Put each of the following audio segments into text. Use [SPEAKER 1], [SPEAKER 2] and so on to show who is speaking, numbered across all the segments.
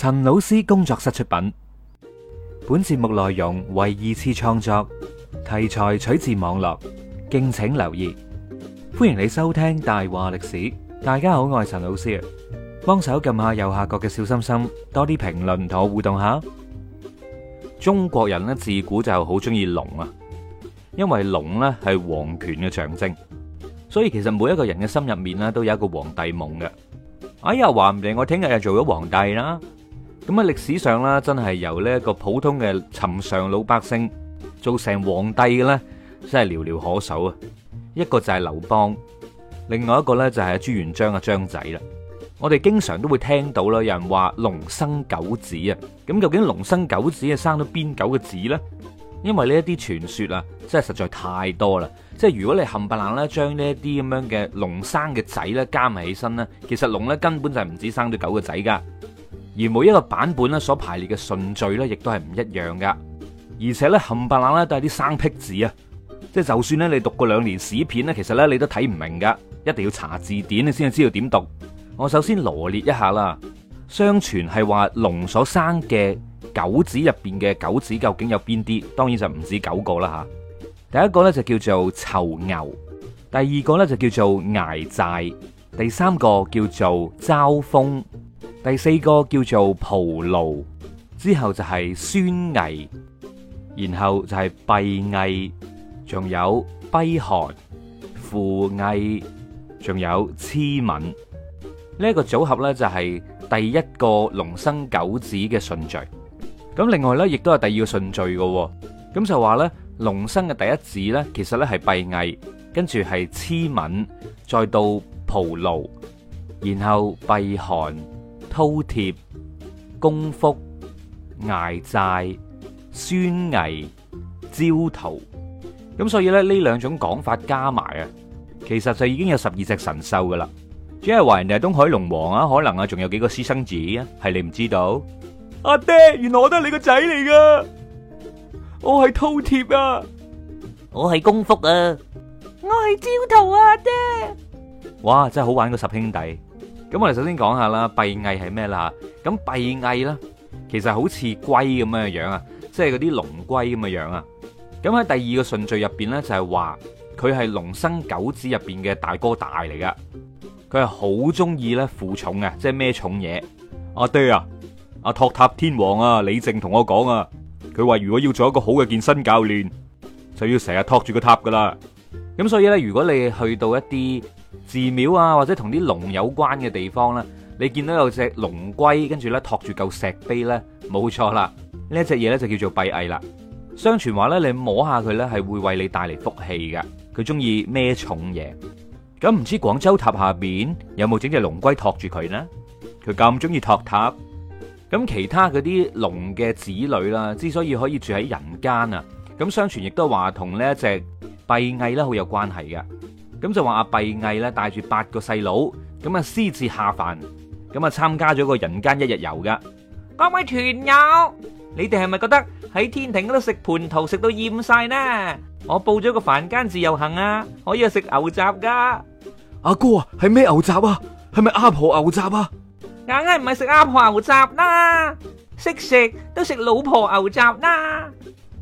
[SPEAKER 1] 陳老師工作室出品，本節目內容為二次創作，題材取自網絡，敬請留意。歡迎你收聽大話歷史。大家好，我係陳老師啊，幫手撳下右下角嘅小心心，多啲評論同我互動下。中國人咧自古就好中意龍啊，因為龍咧係皇權嘅象徵，所以其實每一個人嘅心入面咧都有一個皇帝夢嘅。哎呀，話唔定我聽日又做咗皇帝啦～咁喺歷史上啦，真係由呢一個普通嘅尋常老百姓做成皇帝嘅咧，真係寥寥可數啊！一個就係劉邦，另外一個咧就係朱元璋嘅張仔啦。我哋經常都會聽到啦，有人話龍生九子啊。咁究竟龍生九子啊，生咗邊九個子咧？因為呢一啲傳說啊，真係實在太多啦。即係如果你冚唪唥咧，將呢一啲咁樣嘅龍生嘅仔咧加埋起身咧，其實龍咧根本就係唔止生咗九個仔噶。而每一個版本咧所排列嘅順序咧，亦都係唔一樣噶。而且咧冚唪唥咧都係啲生僻字啊，即係就算咧你讀過兩年史片咧，其實咧你都睇唔明噶，一定要查字典你先至知道點讀。我首先羅列一下啦，相傳係話龍所生嘅九子入邊嘅九子究竟有邊啲？當然就唔止九個啦吓。第一個咧就叫做囚牛，第二個咧就叫做睚眦，第三個叫做嘲風。第四個叫做蒲牢，之後就係狻猊，然後就係贔屭，仲有狴犴、負屭，仲有螭吻呢一，這個組合咧，就係第一個龍生九子嘅順序。咁另外咧，亦都係第二個順序噶，咁就話咧龍生嘅第一子咧，其實咧係贔屭，跟住係螭吻，再到蒲牢，然後狴犴。饕餮、蚣蝮、睚眥、狻猊、椒圖，咁所以咧，呢兩種講法加埋啊，其實就已經有十二隻神獸噶啦。只係話人哋係東海龍王啊，可能啊仲有幾個私生子啊，係你唔知道。阿爹，原來我都係你個仔嚟噶，我係饕餮啊，我係蚣蝮啊，我係椒圖啊，阿爹。哇，真係好玩個十兄弟。咁我哋首先講下啦，贔屓係咩啦？咁贔屓啦，其實好似龜咁樣嘅樣啊，即係嗰啲龍龜咁嘅樣啊。咁喺第二個順序入邊咧，就係話佢係龍生九子入邊嘅大哥大嚟噶。佢係好中意咧負重嘅，即係咩重嘢？阿爹啊，阿、啊、托塔天王啊，李靖同我講啊，佢話如果要做一個好嘅健身教練，就要成日托住個塔噶啦。咁所以呢，如果你去到一啲寺廟啊，或者同啲龍有關嘅地方呢，你見到有隻龍龜跟住呢，托住嚿石碑呢，冇錯啦，呢隻嘢，呢就叫做贔屓啦。相傳話呢，你摸下佢呢係會為你帶嚟福氣嘅，佢中意孭重嘢。咁唔知廣州塔下邊有冇整隻龍龜托住佢呢？佢咁中意托塔。咁其他嗰啲龍嘅子女啦，之所以可以住喺人間啊，咁相傳亦都話同呢一隻。弼翳咧，好有關係嘅，咁就話阿弼翳咧帶住八個細佬，咁啊私自下凡，咁啊參加咗個人間一日遊噶。各位團友，你哋係咪覺得喺天庭嗰度食蟠桃食到厭晒呢？我報咗個凡間自由行啊，可以去食牛雜噶。阿哥啊，係咩牛雜啊？係咪阿婆牛雜啊？硬係唔係食阿婆牛雜啦，識食都食老婆牛雜啦。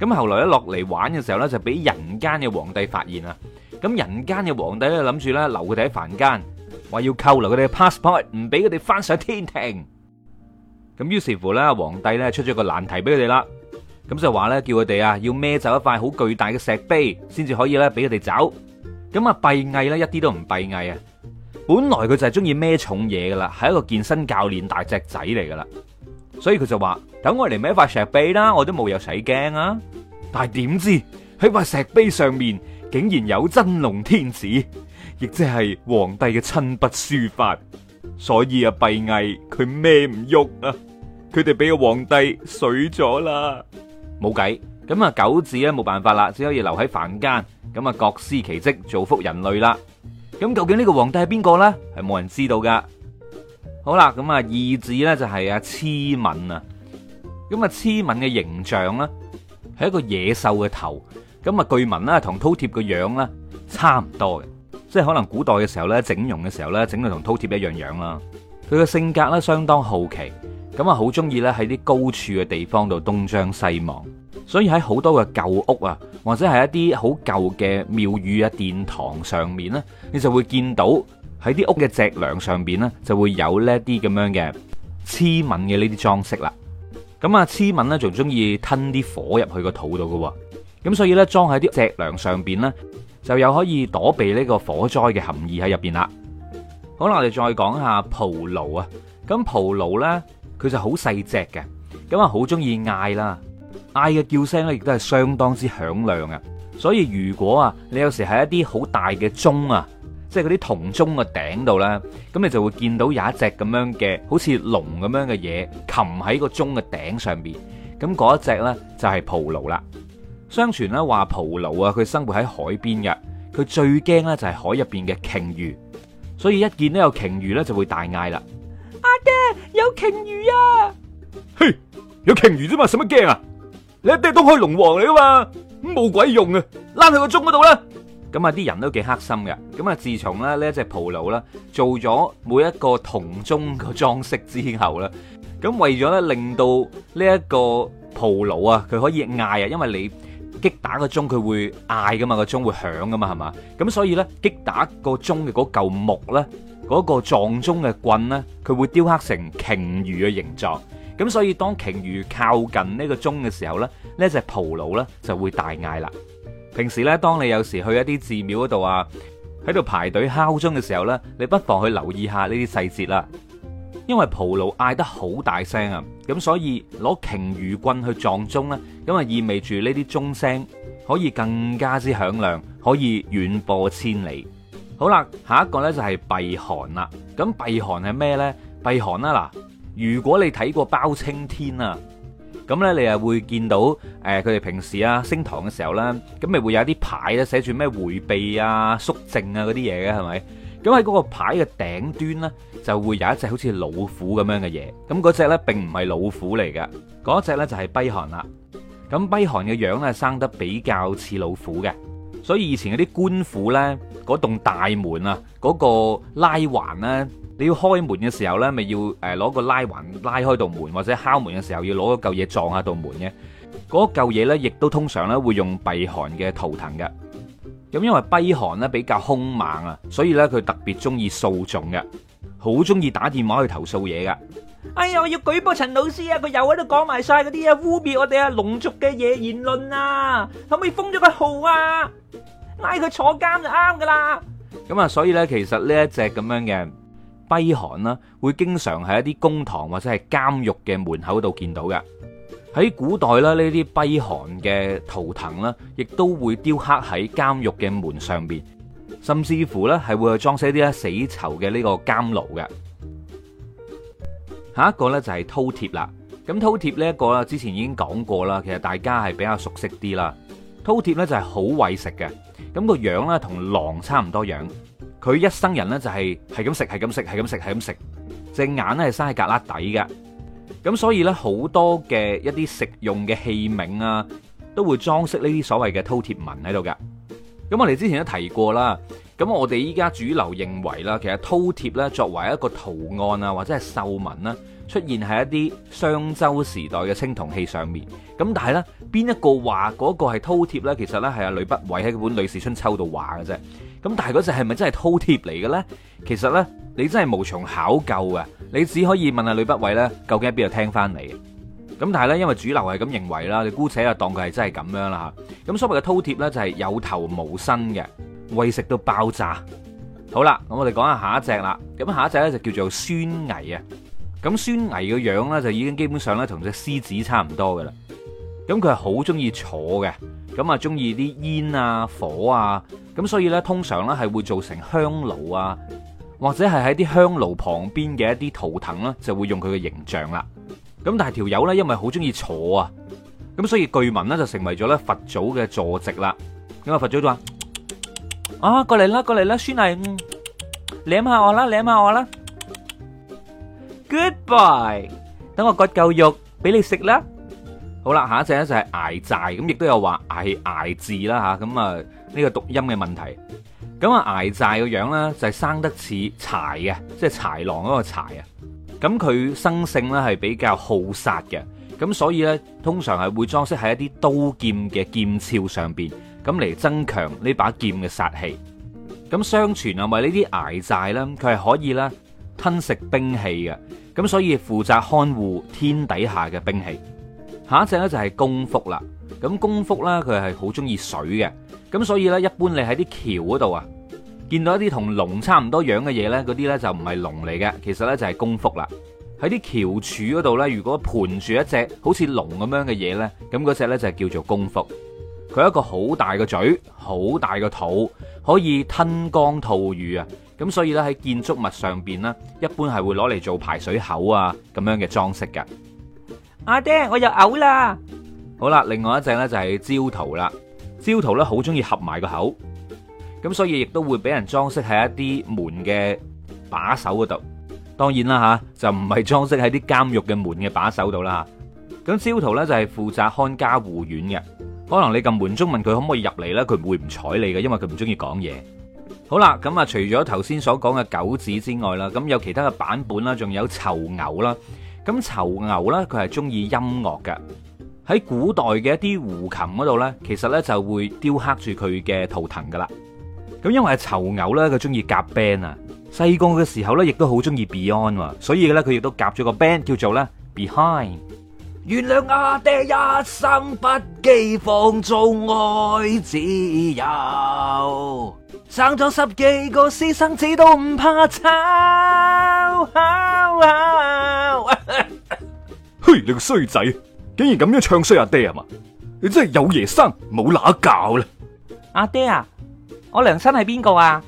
[SPEAKER 1] 咁後來一落嚟玩嘅時候咧，就俾人間嘅皇帝發現啦。咁人間嘅皇帝咧諗住咧留佢哋喺凡間，話要扣留佢哋嘅 passport，唔俾佢哋翻上天庭。咁於是乎咧，皇帝咧出咗個難題俾佢哋啦。咁就話咧叫佢哋啊，要孭走一塊好巨大嘅石碑，先至可以咧俾佢哋走。咁啊，閉翳咧一啲都唔閉翳啊！本來佢就係中意孭重嘢噶啦，係一個健身教練大隻仔嚟噶啦。所以佢就話：等我嚟孭塊石碑啦，我都冇有使驚啊！但係點知喺塊石碑上面竟然有真龍天子，亦即係皇帝嘅親筆書法，所以弊啊，閉翳佢孭唔喐啊！佢哋俾個皇帝水咗啦，冇計咁啊！九子咧冇辦法啦，只可以留喺凡間，咁啊各司其職，造福人類啦。咁究竟呢個皇帝係邊個咧？係冇人知道噶。好啦，咁啊，二字呢就係啊，螭吻啊，咁啊螭吻嘅形象呢係一個野獸嘅頭，咁啊據聞呢同饕餮個樣呢差唔多嘅，即係可能古代嘅時候呢，整容嘅時候呢，整到同饕餮一樣樣啦。佢嘅性格呢相當好奇，咁啊好中意呢喺啲高處嘅地方度東張西望，所以喺好多嘅舊屋啊，或者係一啲好舊嘅廟宇啊殿堂上面呢，你就會見到。喺啲屋嘅脊樑上邊咧，就會有呢一啲咁樣嘅螭吻嘅呢啲裝飾啦。咁啊，螭吻咧仲中意吞啲火入去個肚度噶，咁所以咧裝喺啲脊樑上邊咧，就有可以躲避呢個火災嘅含義喺入邊啦。好啦，我哋再講下蒲牢啊。咁蒲牢咧，佢就好細隻嘅，咁啊好中意嗌，啦嗌嘅叫聲咧亦都係相當之響亮啊。所以如果啊，你有時喺一啲好大嘅鐘啊，即係嗰啲銅鐘嘅頂度啦，咁你就會見到有一隻咁樣嘅，好似龍咁樣嘅嘢，擒喺個鐘嘅頂上面。咁嗰一隻咧就係、是、蒲牢啦。相傳咧話蒲牢啊，佢生活喺海邊嘅，佢最驚咧就係海入邊嘅鯨魚，所以一見到有鯨魚咧就會大嗌啦。阿爹，有鯨魚啊！嘿、hey，有鯨魚啫嘛，使乜驚啊？你阿爹東海龍王嚟噶嘛，咁冇鬼用啊！躝去個鐘嗰度啦！咁啊，啲人都幾黑心嘅。咁啊，自從咧呢一隻蒲牢咧做咗每一個銅鐘個裝飾之後咧，咁為咗咧令到呢一個蒲牢啊，佢可以嗌啊，因為你擊打個鐘佢會嗌噶嘛，個鐘會響噶嘛，係嘛？咁所以咧擊打個鐘嘅嗰嚿木咧，嗰個撞鐘嘅棍咧，佢會雕刻成鯨魚嘅形狀。咁所以當鯨魚靠近呢個鐘嘅時候咧，呢一隻蒲牢咧就會大嗌啦。平時咧，當你有時去一啲寺廟嗰度啊，喺度排隊敲鐘嘅時候呢，你不妨去留意下呢啲細節啦。因為蒲牢嗌得好大聲啊，咁所以攞鯨魚棍去撞鐘呢，咁啊意味住呢啲鐘聲可以更加之響亮，可以遠播千里。好啦，下一個呢就係狴犴啦。咁狴犴係咩呢？狴犴啦嗱，如果你睇過包青天啊。咁咧，你又會見到佢哋、呃、平時啊，升堂嘅時候咧，咁咪會有啲牌咧，寫住咩迴避啊、肅靜啊嗰啲嘢嘅，係咪？咁喺嗰個牌嘅頂端咧，就會有一隻好似老虎咁樣嘅嘢。咁嗰隻咧並唔係老虎嚟嘅，嗰隻咧就係、是、狴犴啦。咁狴犴嘅樣咧，生得比較似老虎嘅。所以以前嗰啲官府咧，嗰棟大門啊，嗰、那個拉環咧，你要開門嘅時候咧，咪要誒攞個拉環拉開道門，或者敲門嘅時候要攞嗰嚿嘢撞下道門嘅。嗰嚿嘢咧，亦都通常咧會用狴犴嘅圖騰嘅。咁因為狴犴咧比較兇猛啊，所以咧佢特別中意訴訟嘅，好中意打電話去投訴嘢嘅。哎呀，我要舉報陳老師啊！佢又喺度講埋晒嗰啲啊，污衊我哋啊龍族嘅嘢言論啊！可唔可以封咗個號啊？拉佢坐監就啱噶啦！咁啊，所以咧，其實呢一隻咁樣嘅狴犴啦，會經常喺一啲公堂或者係監獄嘅門口度見到嘅。喺古代啦，呢啲狴犴嘅圖騰啦，亦都會雕刻喺監獄嘅門上邊，甚至乎咧係會去裝飾一啲咧死囚嘅呢個監牢嘅。下一個呢就係饕餮啦，咁饕餮呢一個啦，之前已經講過啦，其實大家係比較熟悉啲啦。饕餮呢就係好為食嘅，咁個樣呢同狼差唔多樣，佢一生人呢就係係咁食，係咁食，係咁食，係咁食，隻眼呢係生喺胳肋底嘅，咁所以呢，好多嘅一啲食用嘅器皿啊，都會裝飾呢啲所謂嘅饕餮紋喺度噶。咁我哋之前都提過啦。咁我哋依家主流認為啦，其實饕餮咧作為一個圖案啊，或者係獸紋啦，出現喺一啲商周時代嘅青銅器上面。咁但係咧，邊一個話嗰個係饕餮咧？其實咧係阿呂不韋喺本《呂氏春秋》度話嘅啫。咁但係嗰隻係咪真係饕餮嚟嘅咧？其實咧，你真係無從考究嘅。你只可以問阿呂不韋咧，究竟喺邊度聽翻嚟？咁但係咧，因為主流係咁認為啦，你姑且就當佢係真係咁樣啦嚇。咁所謂嘅饕餮咧，就係有頭無身嘅。餵食到爆炸。好啦，咁我哋講下下一隻啦。咁下一隻咧就叫做狻猊啊。咁狻猊嘅樣咧就已經基本上咧同隻獅子差唔多噶啦。咁佢係好中意坐嘅，咁啊中意啲煙啊火啊。咁所以咧通常咧係會做成香爐啊，或者係喺啲香爐旁邊嘅一啲圖騰啦，就會用佢嘅形象啦。咁但係條友咧因為好中意坐啊，咁所以據聞咧就成為咗咧佛祖嘅坐席啦。咁啊佛祖都話。啊，過嚟啦，過嚟啦，孫毅，舐下我啦，舐下我啦。Goodbye，等我割嚿肉俾你食啦。好啦，下一隻咧就係睚眦，咁亦都有話挨挨字啦吓，咁啊呢個讀音嘅問題。咁啊睚眦個樣咧就係生得似豺嘅，即係豺狼嗰個豺啊。咁佢生性咧係比較好殺嘅，咁所以咧通常係會裝飾喺一啲刀劍嘅劍鞘上邊。咁嚟增強呢把劍嘅殺氣。咁相傳啊，咪呢啲睚眦咧，佢係可以咧吞食兵器嘅。咁所以負責看護天底下嘅兵器。下一隻咧就係蚣蝮啦。咁蚣蝮咧，佢係好中意水嘅。咁所以咧，一般你喺啲橋嗰度啊，見到一啲同龍差唔多樣嘅嘢咧，嗰啲咧就唔係龍嚟嘅，其實咧就係蚣蝮啦。喺啲橋柱嗰度咧，如果盤住一隻好似龍咁樣嘅嘢咧，咁嗰隻咧就係叫做蚣蝮。佢有一個好大嘅嘴，好大嘅肚，可以吞光吐雨啊！咁所以咧，喺建築物上邊呢，一般係會攞嚟做排水口啊咁樣嘅裝飾嘅。阿爹，我又嘔啦！好啦，另外一隻呢就係椒圖啦。椒圖呢好中意合埋個口，咁所以亦都會俾人裝飾喺一啲門嘅把手嗰度。當然啦吓，就唔係裝飾喺啲監獄嘅門嘅把手度啦。咁椒圖呢，就係負責看家護院嘅。可能你咁門中問佢可唔可以入嚟呢？佢唔會唔睬你嘅，因為佢唔中意講嘢。好啦，咁啊，除咗頭先所講嘅九子之外啦，咁有其他嘅版本啦，仲有囚牛啦。咁囚牛呢，佢係中意音樂㗎。喺古代嘅一啲胡琴嗰度呢，其實呢就會雕刻住佢嘅圖騰噶啦。咁因為係囚牛呢，佢中意夾 band 啊。細個嘅時候呢，亦都好中意 Beyond，所以呢，佢亦都夾咗個 band 叫做呢 Be。Behind。原諒阿爹一生不羈放縱愛自由，生咗十幾個私生子都唔怕醜。 嘿，你個衰仔，竟然咁樣唱衰阿爹啊嘛？你真係有爺生冇乸教啦！阿爹啊，我娘親係邊個啊？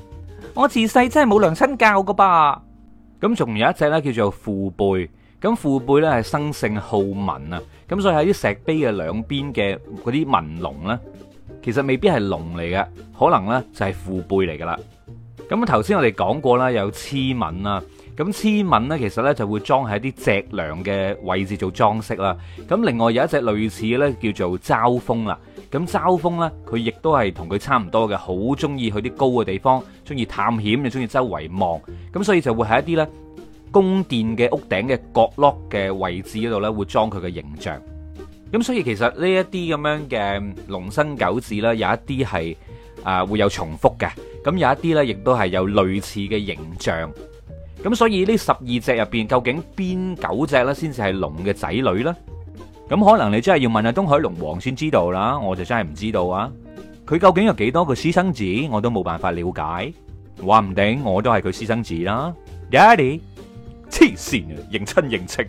[SPEAKER 1] 我自細真係冇娘親教噶吧？咁仲有一隻咧，叫做父輩。咁父輩咧係生性好文啊，咁所以喺啲石碑嘅兩邊嘅嗰啲文龍咧，其實未必係龍嚟嘅，可能咧就係父輩嚟噶啦。咁頭先我哋講過啦，有螭吻啦，咁螭吻咧其實咧就會裝喺一啲脊梁嘅位置做裝飾啦。咁另外有一隻類似咧叫做嘲風啦，咁嘲風咧佢亦都係同佢差唔多嘅，好中意去啲高嘅地方，中意探險，又中意周圍望，咁所以就會係一啲咧，宮殿嘅屋頂嘅角落嘅位置嗰度咧，會裝佢嘅形象。咁所以其實呢一啲咁樣嘅龍生九子啦，有一啲係啊會有重複嘅，咁有一啲咧亦都係有類似嘅形象。咁所以呢十二隻入邊，究竟邊九隻咧先至係龍嘅仔女咧？咁可能你真係要問下東海龍王先知道啦，我就真係唔知道啊！佢究竟有幾多個私生子，我都冇辦法了解。話唔定我都係佢私生子啦，爹哋。黐線啊！認親認戚，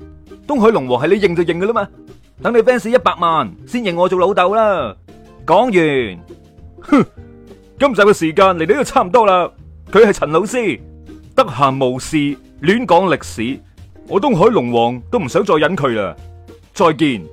[SPEAKER 1] 東海龍王係你認就認嘅啦嘛，等你 fans 一百萬先認我做老豆啦！講完，哼，今集嘅時間嚟到呢度差唔多啦。佢係陳老師，得閒無事亂講歷史，我東海龍王都唔想再忍佢啦。再見。